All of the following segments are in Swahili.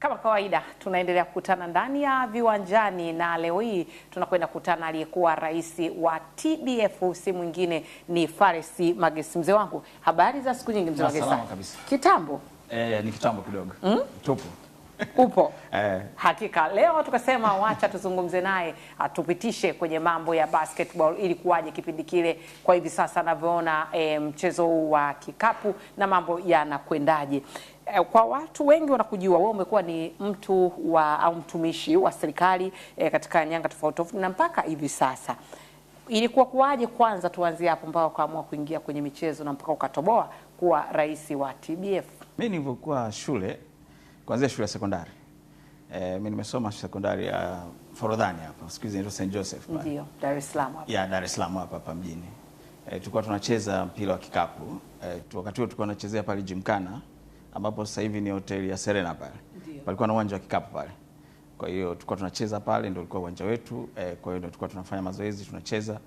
Kama kawaida tunaendelea kukutana ndani ya Viwanjani, na leo hii tunakwenda kukutana aliyekuwa rais wa TBF, si mwingine ni faresi Magesi. Mzee wangu, habari za siku nyingi mzee Magesi? Kitambo eh, ni kitambo kidogo mm? tupo upo eh. Hakika leo tukasema wacha tuzungumze naye atupitishe kwenye mambo ya basketball, ili kuwaje kipindi kile kwa hivi sasa anavyoona eh, mchezo huu wa kikapu na mambo yanakwendaje. Eh, kwa watu wengi wanakujua wewe umekuwa ni mtu wa au mtumishi wa serikali eh, katika nyanga tofauti tofauti na mpaka hivi sasa, ilikuwa kuwaje? Kwanza tuanzie hapo mpaka ukaamua kuingia kwenye michezo na mpaka ukatoboa kuwa rais wa TBF. Mimi nilivyokuwa shule, kuanzia shule ya sekondari e, eh, mimi nimesoma sekondari ya Forodhani hapa, siku hizi St Joseph, pale ndio Dar es Salaam hapa, ya Dar es Salaam hapa hapa mjini. E, tulikuwa tunacheza mpira wa kikapu e, wakati huo tulikuwa tunachezea pale Jimkana ambapo sasa hivi ni hoteli ya Serena pale. Palikuwa na uwanja wa kikapu pale. Kwa hiyo tulikuwa tunacheza pale, ndio ulikuwa uwanja wetu eh, kwa hiyo ndio tulikuwa tunafanya mazoezi tunacheza.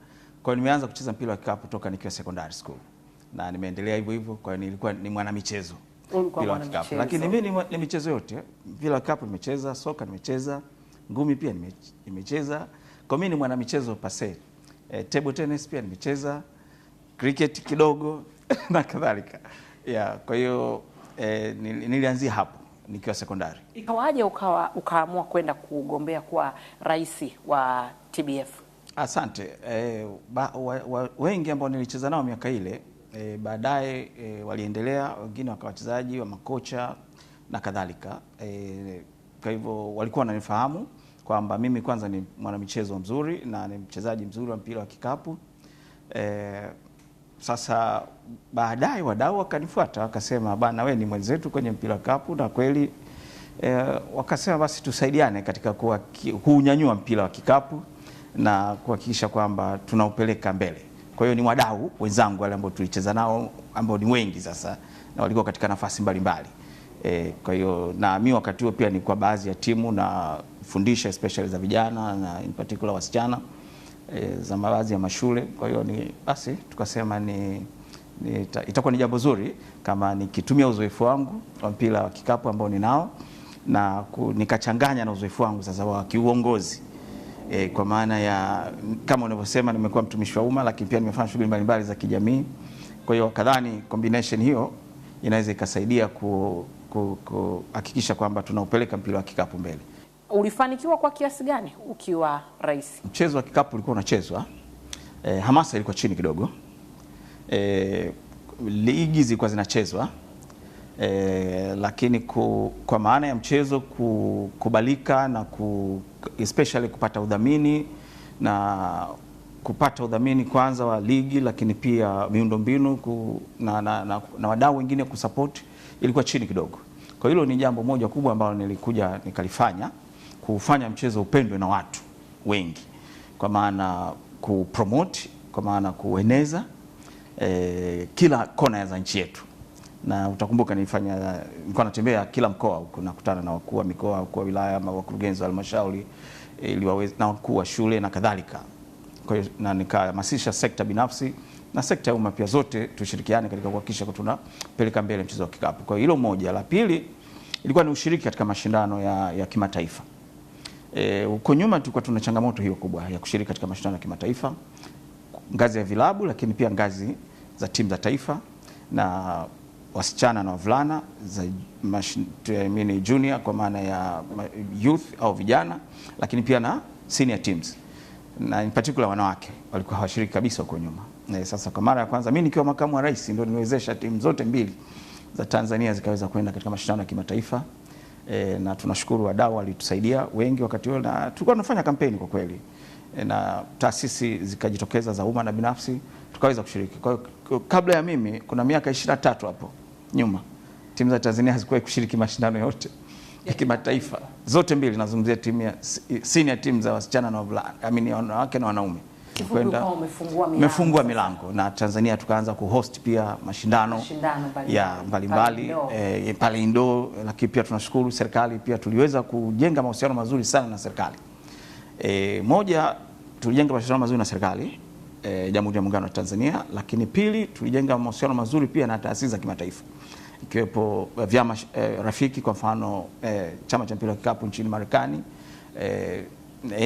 Kwa hiyo nimeanza kucheza mpira wa kikapu toka nikiwa secondary school na nimeendelea hivyo hivyo. Kwa hiyo nilikuwa ni mwanamichezo mpira wa kikapu, lakini mimi ni ni michezo yote, mpira wa kikapu nimecheza, soka nimecheza, ngumi pia nimecheza. Kwa mimi ni mwana michezo pase. E, eh, table tennis pia nimecheza, cricket kidogo na kadhalika yeah, kwa hiyo eh, nilianzia hapo nikiwa sekondari. Ikawaje ukawa ukaamua kwenda kugombea kwa rais wa TBF? Asante eh, ba, wa, wa, wengi ambao nilicheza nao miaka ile eh, baadaye eh, waliendelea, wengine wakawa wachezaji wa makocha na kadhalika eh, kwa hivyo walikuwa wananifahamu kwamba mimi kwanza ni mwanamichezo mzuri na ni mchezaji mzuri wa mpira wa kikapu eh, sasa baadaye wadau wakanifuata wakasema, bana, we ni mwenzetu kwenye mpira kapu na kweli e, wakasema basi tusaidiane katika kuunyanyua mpira wa kikapu na kuhakikisha kwamba tunaupeleka mbele. Kwa hiyo ni wadau wenzangu wale ambao tulicheza nao ambao ni wengi sasa na walikuwa katika nafasi mbalimbali mbali. Eh, e, kwa hiyo na mimi wakati huo pia ni kwa baadhi ya timu na fundisha especially za vijana na in particular wasichana e, za baadhi ya mashule. Kwa hiyo ni basi tukasema ni, ni itakuwa ni jambo zuri kama nikitumia uzoefu wangu wa mpira wa kikapu ambao ninao na ku, nikachanganya na uzoefu wangu sasa wa kiuongozi e, kwa maana ya kama unavyosema nimekuwa mtumishi wa umma, lakini pia nimefanya shughuli mbalimbali za kijamii. Kwa hiyo kadhani combination hiyo inaweza ikasaidia kuhakikisha ku, ku, kwamba tunaupeleka mpira wa kikapu mbele ulifanikiwa kwa kiasi gani ukiwa rais? Mchezo wa kikapu ulikuwa unachezwa e, hamasa ilikuwa chini kidogo e, ligi zilikuwa zinachezwa e, lakini ku, kwa maana ya mchezo kukubalika na ku, especially kupata udhamini na kupata udhamini kwanza wa ligi lakini pia miundombinu ku, na, na, na, na wadau wengine kusapoti ilikuwa chini kidogo. Kwa hilo ni jambo moja kubwa ambalo nilikuja nikalifanya kufanya mchezo upendwe na watu wengi, kwa maana kupromote, kwa maana kueneza eh, kila kona za nchi yetu na utakumbuka nilifanya nilikuwa natembea kila mkoa huko, nakutana na wakuu wa mikoa, wakuu wa wilaya, ama wakurugenzi wa halmashauri ili waweze na wakuu wa shule na kadhalika. Kwa hiyo na nikahamasisha sekta binafsi na sekta ya umma pia, zote tushirikiane katika kuhakikisha kwamba tunapeleka mbele mchezo wa kikapu. Kwa hiyo hilo moja. La pili ilikuwa ni ushiriki katika mashindano ya, ya kimataifa. Eh, huko e, nyuma tulikuwa tuna changamoto hiyo kubwa ya kushiriki katika mashindano ya kimataifa ngazi ya vilabu, lakini pia ngazi za timu za taifa na wasichana na wavulana za mini junior kwa maana ya youth au vijana, lakini pia na senior teams na in particular wanawake walikuwa hawashiriki kabisa huko nyuma. E, sasa kwa mara ya kwanza mimi nikiwa makamu wa rais ndio niwezesha timu zote mbili za Tanzania zikaweza kwenda katika mashindano ya kimataifa e, na tunashukuru wadau walitusaidia wengi wakati huo, na tulikuwa tunafanya kampeni kwa kweli e, na taasisi zikajitokeza za umma na binafsi tukaweza kushiriki. Kwa kabla ya mimi kuna miaka 23 hapo nyuma timu za Tanzania hazikuwahi kushiriki mashindano yote ya kimataifa zote mbili, nazungumzia timu ya senior timu za wasichana na wavulana, I mean wanawake na wanaume tulikwenda umefungua milango na Tanzania tukaanza kuhost pia mashindano, ya mbalimbali eh, eh, pale Indo, lakini pia tunashukuru serikali pia tuliweza kujenga mahusiano mazuri sana na serikali e, moja tulijenga mahusiano mazuri na serikali e, Jamhuri ya Muungano wa Tanzania, lakini pili tulijenga mahusiano mazuri pia na taasisi za kimataifa ikiwepo vyama e, rafiki kwa mfano e, chama cha mpira wa kikapu nchini Marekani e,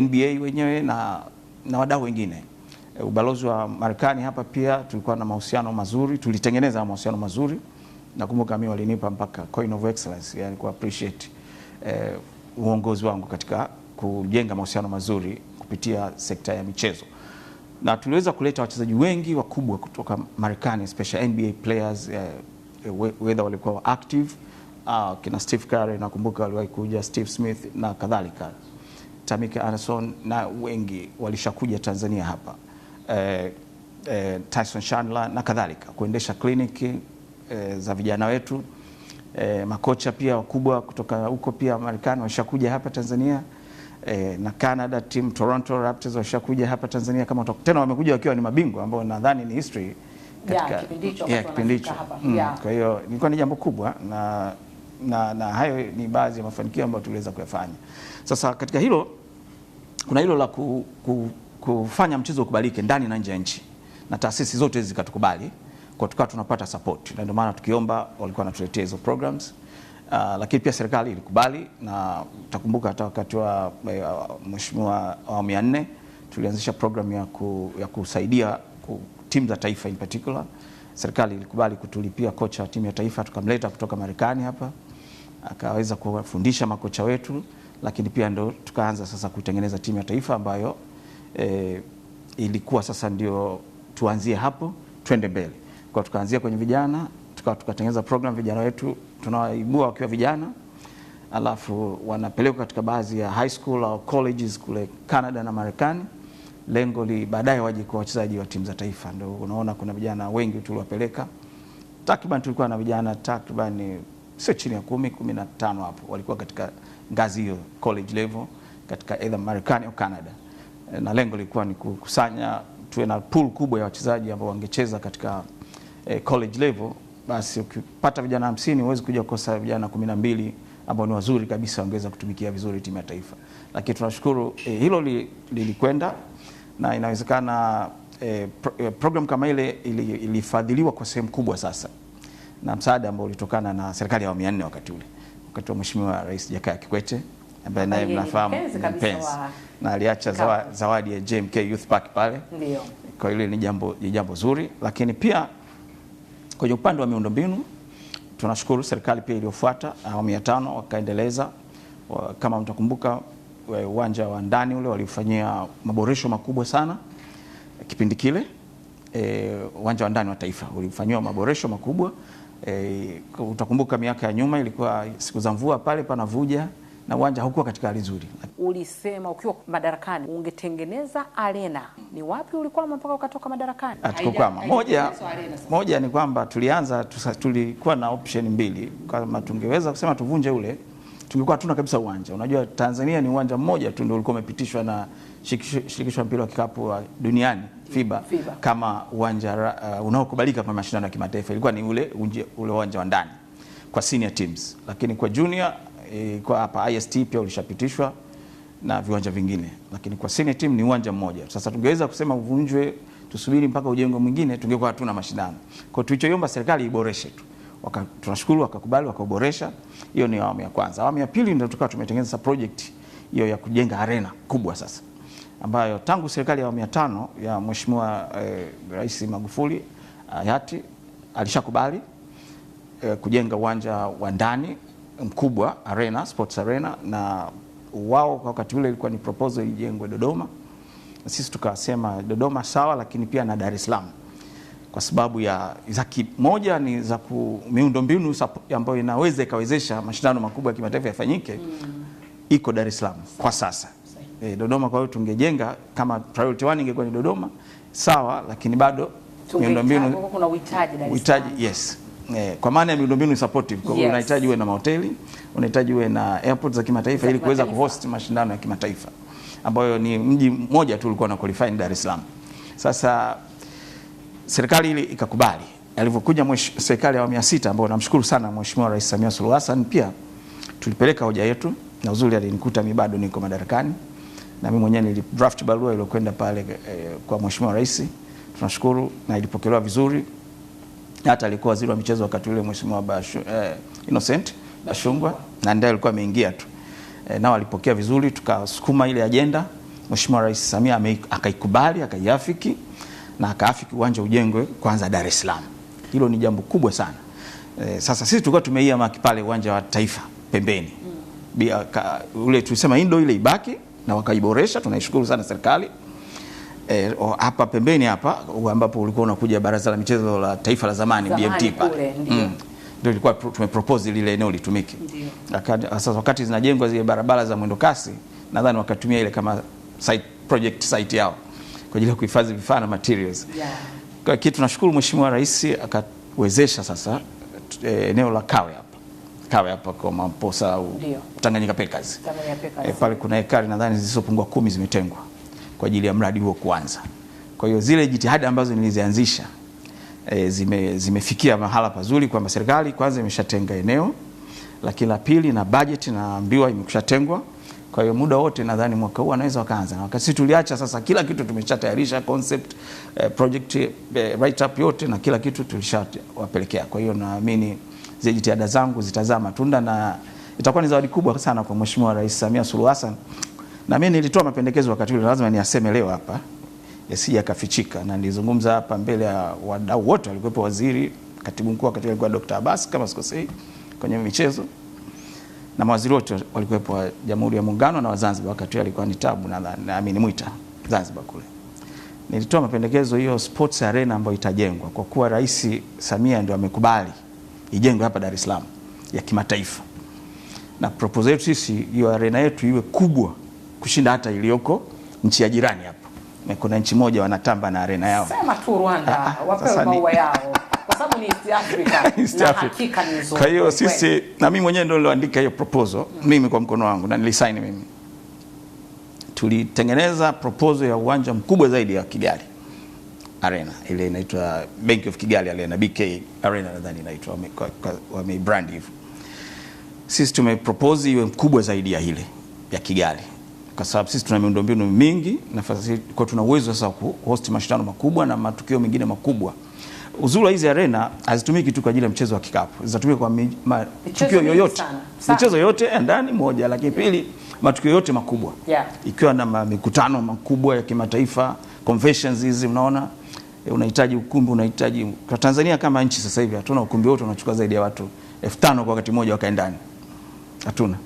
NBA wenyewe na na wadau wengine. Eh, ubalozi wa Marekani hapa pia tulikuwa na mahusiano mazuri, tulitengeneza mahusiano mazuri. Nakumbuka mimi walinipa mpaka coin of excellence, yani ku appreciate eh, uongozi wangu katika kujenga mahusiano mazuri kupitia sekta ya michezo, na tuliweza kuleta wachezaji wengi wakubwa kutoka Marekani, special NBA players eh, eh whether walikuwa active uh, kina Steve Curry nakumbuka waliwahi kuja Steve Smith na kadhalika. Tamike Anderson na wengi walishakuja Tanzania hapa eh, eh, Tyson Chandler na kadhalika kuendesha kliniki eh, za vijana wetu eh, makocha pia wakubwa kutoka huko pia Marekani washakuja hapa Tanzania eh, na Canada team Toronto Raptors washakuja hapa Tanzania kama tena wamekuja wakiwa ni mabingwa ambao nadhani ni history katika kipindi hicho. Mm, kwa hiyo ilikuwa ni jambo kubwa na na, na hayo ni baadhi ya mafanikio ambayo tuliweza kuyafanya. Sasa katika hilo kuna hilo la ku, ku, kufanya mchezo ukubalike ndani na nje ya nchi na taasisi zote hizi zikatukubali kwa tukawa tunapata support, na ndio maana tukiomba walikuwa wanatuletea hizo programs. Uh, lakini pia serikali ilikubali, na takumbuka hata wakati wa uh, eh, mheshimiwa awamu ya nne tulianzisha program ya, ku, ya kusaidia ku, timu za taifa in particular. Serikali ilikubali kutulipia kocha wa timu ya taifa, tukamleta kutoka Marekani hapa akaweza kuwafundisha makocha wetu lakini pia ndo tukaanza sasa kutengeneza timu ya taifa ambayo e, ilikuwa sasa ndio tuanzie hapo twende mbele. Kwa tukaanzia kwenye vijana tukawa tukatengeneza program vijana wetu tunawaibua wakiwa vijana, alafu wanapelekwa katika baadhi ya high school au colleges kule Canada na Marekani, lengo li baadaye waje kwa wachezaji wa timu za taifa. Ndio unaona kuna vijana wengi tuliwapeleka, takriban tulikuwa na vijana takriban sio chini ya kumi, kumi na tano hapo, walikuwa katika ngazi hiyo college level katika either Marekani au Canada, eh, na lengo lilikuwa ni kukusanya, tuwe na pool kubwa ya wachezaji ambao wangecheza katika eh, college level. Basi ukipata vijana hamsini huwezi kuja kukosa vijana kumi na mbili ambao ni wazuri kabisa wangeweza kutumikia vizuri timu ya taifa. Lakini tunashukuru eh, hilo lilikwenda li, na inawezekana eh, pro, eh, program kama ile ilifadhiliwa ili kwa sehemu kubwa sasa na msaada ambao ulitokana na serikali ya awamu ya nne wakati ule, wakati wa Mheshimiwa Rais Jakaya Kikwete ambaye naye mnafahamu mpenzi na aliacha zawa, zawadi ya JMK Youth Park pale. Ndio. Kwa hiyo ni jambo ni jambo zuri, lakini pia kwenye upande wa miundombinu tunashukuru serikali pia iliyofuata awamu ya tano wakaendeleza wa, kama mtakumbuka uwanja wa ndani ule walifanyia maboresho makubwa sana kipindi kile e, uwanja e, wa ndani wa taifa ulifanyiwa maboresho makubwa E, utakumbuka miaka ya nyuma ilikuwa siku za mvua pale panavuja na uwanja haukuwa katika hali nzuri. Ulisema ukiwa madarakani ungetengeneza arena, ni wapi ulikwama mpaka ukatoka madarakani? Hatukukwama. Ah, moja, moja ni kwamba tulianza tusa, tulikuwa na option mbili, kama tungeweza kusema tuvunje ule tulikuwa hatuna kabisa uwanja. Unajua Tanzania ni uwanja mmoja tu ndio ulikuwa umepitishwa na shirikisho la mpira wa kikapu wa duniani FIBA, mm, FIBA, kama uwanja uh, unaokubalika kwa mashindano ya kimataifa. Ilikuwa ni ule ule uwanja wa ndani kwa senior teams, lakini kwa junior e, kwa hapa IST pia ulishapitishwa na viwanja vingine, lakini kwa senior team ni uwanja mmoja. Sasa tungeweza kusema uvunjwe, tusubiri mpaka ujengwe mwingine, tungekuwa hatuna mashindano. Kwa hiyo tulichoiomba serikali iboreshe tu waka, tunashukuru wakakubali wakaboresha. Hiyo ni awamu ya kwanza. Awamu ya pili ndio tukawa tumetengeneza project hiyo ya kujenga arena kubwa sasa ambayo tangu serikali ya awamu ya tano ya Mheshimiwa eh, Rais Magufuli eh, hayati alishakubali eh, kujenga uwanja wa ndani mkubwa arena, sports arena, na wao kwa wakati ule ilikuwa ni proposal ijengwe Dodoma, sisi tukasema Dodoma sawa, lakini pia na Dar es Salaam kwa sababu ya za moja ni za miundombinu ambayo inaweza ikawezesha mashindano makubwa ya kimataifa yafanyike mm. iko Dar es Salaam kwa sasa e, Dodoma. Kwa hiyo tungejenga kama priority one ingekuwa ni Dodoma sawa, lakini bado miundombinu ah, kuna uhitaji Dar es Salaam yes Eh, kwa maana ya miundombinu supportive kwa yes. Unahitaji uwe na mahoteli, unahitaji uwe na airport za kimataifa ili kuweza kuhost mashindano ya kimataifa ambayo ni mji mmoja tu ulikuwa na qualify Dar es Salaam. Sasa serikali ile ikakubali. Alivyokuja serikali ya awamu ya sita, ambao namshukuru sana Mheshimiwa Rais Samia Suluhu Hassan, pia tulipeleka hoja yetu, na uzuri alinikuta mimi bado niko madarakani, na mimi mwenyewe nili draft barua iliyokwenda pale eh, kwa Mheshimiwa Rais. Tunashukuru na ilipokelewa vizuri, hata alikuwa waziri wa michezo wakati ule Mheshimiwa Bashu, eh, Innocent Bashungwa, na ndiye alikuwa ameingia tu eh, na walipokea vizuri, tukasukuma ile ajenda. Mheshimiwa Rais Samia akaikubali akaiafiki na akaafiki uwanja ujengwe kwanza Dar es Salaam. Hilo ni jambo kubwa sana. E, sasa sisi tulikuwa tumeia maki pale uwanja wa Taifa pembeni mm. Bia, ka, ule tulisema indo ile ibaki na wakaiboresha, tunaishukuru sana serikali e, hapa pembeni hapa ambapo ulikuwa unakuja baraza la michezo la taifa la zamani, zamani BMT pale ndio mm. ilikuwa tumepropose lile eneo litumike. Ndio. Sasa wakati zinajengwa zile barabara za mwendo kasi, nadhani wakatumia ile kama site, project site yao kwa ajili ya kuhifadhi vifaa na materials. Yeah. Kwa kitu tunashukuru Mheshimiwa Rais akawezesha sasa eh, eneo la Kawe hapa. Kawe hapa kwa Mamposa au Tanganyika Packers. E, eh, pale kuna hekari nadhani zisizopungua kumi zimetengwa kwa ajili ya mradi huo kuanza. Kwa hiyo zile jitihada ambazo nilizianzisha e, zime, zimefikia mahala pazuri kwamba serikali kwanza imeshatenga eneo, lakini la pili na bajeti naambiwa imekushatengwa kwa hiyo muda wote nadhani mwaka huu anaweza wakaanza, na wakati tuliacha sasa, kila kitu tumeshatayarisha concept, eh, project eh, write up yote na kila kitu tulishawapelekea. Kwa hiyo naamini zile jitihada zangu zitazaa matunda na itakuwa ni zawadi kubwa sana kwa Mheshimiwa Rais Samia Suluhu Hassan. Na mimi nilitoa mapendekezo wakati ule, lazima niaseme leo hapa yasije yakafichika, na nilizungumza hapa mbele ya wadau wote, alikuwepo waziri, katibu mkuu wakati alikuwa Dr. Abbas kama sikosei, kwenye michezo na mawaziri wote walikuwepo wa Jamhuri ya Muungano na wa Zanzibar, wakati alikuwa ni Tabu na naamini Mwita Zanzibar kule. Nilitoa mapendekezo hiyo sports arena ambayo itajengwa kwa kuwa Rais Samia ndio amekubali ijengwe hapa Dar es Salaam ya kimataifa, na proposal yetu sisi hiyo arena yetu iwe kubwa kushinda hata iliyoko nchi ya jirani hapa. Kuna nchi moja wanatamba na arena yao, sema tu Rwanda ah, ah, wapewe maua yao kwa sababu ni East Africa, East na Africa. Hakika ni nzuri. Kwa hiyo sisi na mimi mwenyewe ndio niloandika hiyo proposal mm. mimi kwa mkono wangu na nilisaini mimi. Tulitengeneza proposal ya uwanja mkubwa zaidi ya Kigali Arena, ile inaitwa Bank of Kigali Arena, BK Arena nadhani inaitwa, wameibrand hivyo. Sisi tumepropose iwe mkubwa zaidi ya ile ya Kigali kwa sababu sisi tuna miundombinu mingi, na kwa tuna uwezo sasa wa host mashindano makubwa na matukio mengine makubwa uzuri wa hizi arena hazitumiki tu kwa ajili ya mchezo wa kikapu, zinatumika kwa matukio yoyote, michezo yoyote ndani moja, lakini pili matukio yote makubwa yeah. ikiwa na mikutano makubwa ya kimataifa conventions hizi, mnaona e, unahitaji ukumbi, unahitaji kwa Tanzania kama nchi sasa hivi hatuna ukumbi wote unachukua zaidi ya watu elfu tano kwa wakati mmoja wakae ndani, hatuna.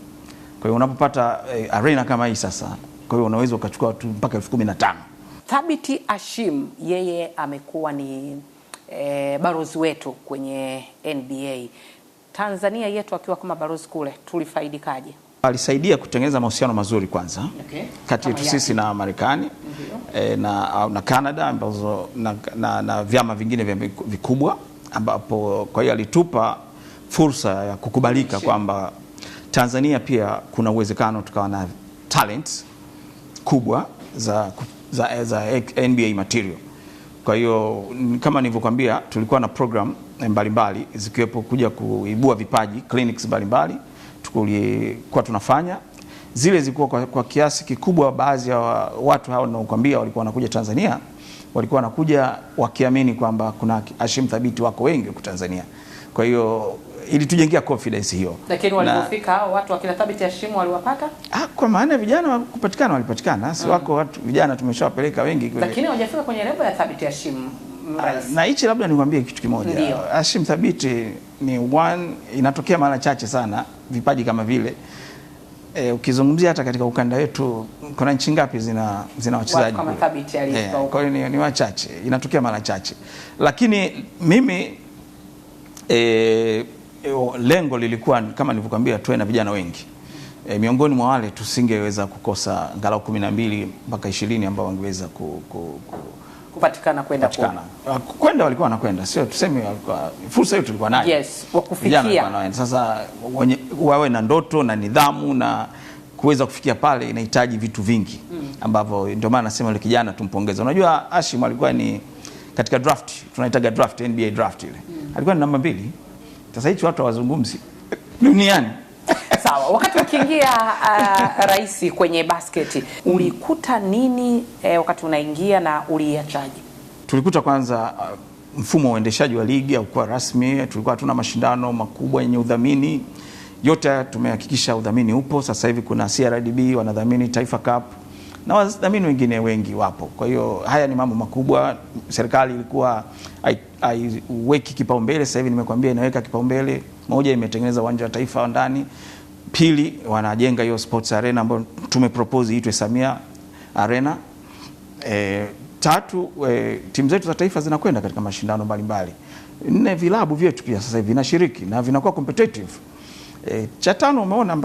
Kwa hiyo unapopata e, arena kama hii sasa, kwa hiyo unaweza ukachukua watu mpaka elfu kumi na tano. Thabiti Ashim yeye amekuwa ni e, balozi wetu kwenye NBA Tanzania yetu akiwa kama balozi kule tulifaidikaje? Alisaidia kutengeneza mahusiano mazuri kwanza, okay, kati yetu sisi na Marekani e, na, na Canada ambazo na, na, na vyama vingine vya vikubwa ambapo kwa hiyo alitupa fursa ya kukubalika kwamba Tanzania pia kuna uwezekano tukawa na talent kubwa za, za, za NBA material kwa hiyo kama nilivyokuambia, tulikuwa na program eh, mbalimbali zikiwepo kuja kuibua vipaji clinics mbalimbali tulikuwa tunafanya zile zilikuwa kwa, kwa kiasi kikubwa, baadhi ya watu hao ninaokuambia walikuwa wanakuja Tanzania, walikuwa wanakuja wakiamini kwamba kuna Hashim thabiti wako wengi huku Tanzania. Kwa hiyo ilitujengea confidence hiyo. Lakini walipofika hao watu wa kila thabiti ya shimo waliwapata? Ah, kwa maana vijana kupatikana walipatikana. Si mm. wako watu vijana tumeshawapeleka wengi kule. Lakini hawajafika kwenye lebo ya thabiti ya shimo. Ah, na hichi labda nikwambie kitu kimoja. Hashim Thabiti ni one inatokea mara chache sana vipaji kama vile. E, ukizungumzia hata katika ukanda wetu kuna nchi ngapi zina zina wachezaji kama Thabiti alipo. E, kwa hiyo ni, ni wachache, inatokea mara chache. Lakini mimi eh Eh, lengo lilikuwa kama nilivyokuambia tuwe na vijana wengi e, miongoni mwa wale tusingeweza kukosa angalau kumi na mbili mpaka ishirini ambao wangeweza ku, ku, ku, kupatikana kwenda kwenda ah, kwenda, walikuwa wanakwenda, sio tuseme, walikuwa fursa hiyo tulikuwa nayo, yes, wakufikia. Sasa wenye, wawe na ndoto na nidhamu na kuweza kufikia pale inahitaji vitu vingi mm. ambavyo ndio maana nasema yule kijana tumpongeze. Unajua Ashim alikuwa ni katika draft, tunaitaga draft, NBA draft ile mm. alikuwa ni namba mbili sasa hichi watu hawazungumzi duniani. Sawa, wakati ukiingia uh, rais kwenye basketi ulikuta nini eh, wakati unaingia na uliachaje? Tulikuta kwanza uh, mfumo wa uendeshaji wa ligi aukuwa rasmi. Tulikuwa hatuna mashindano makubwa yenye udhamini. Yote tumehakikisha udhamini upo. Sasa hivi kuna CRDB wanadhamini Taifa Cup na wadhamini wengine wengi wapo. Kwa hiyo haya ni mambo makubwa, serikali ilikuwa haiweki kipaumbele, sasa hivi nimekuambia inaweka kipaumbele. Moja, imetengeneza uwanja wa taifa wa ndani, pili, wanajenga hiyo sports arena ambayo tumepropose iitwe Samia Arena. E, tatu, e, timu zetu za taifa zinakwenda katika mashindano mbalimbali. Nne, vilabu vyetu pia sasa hivi vinashiriki na vinakuwa competitive. E, cha tano umeona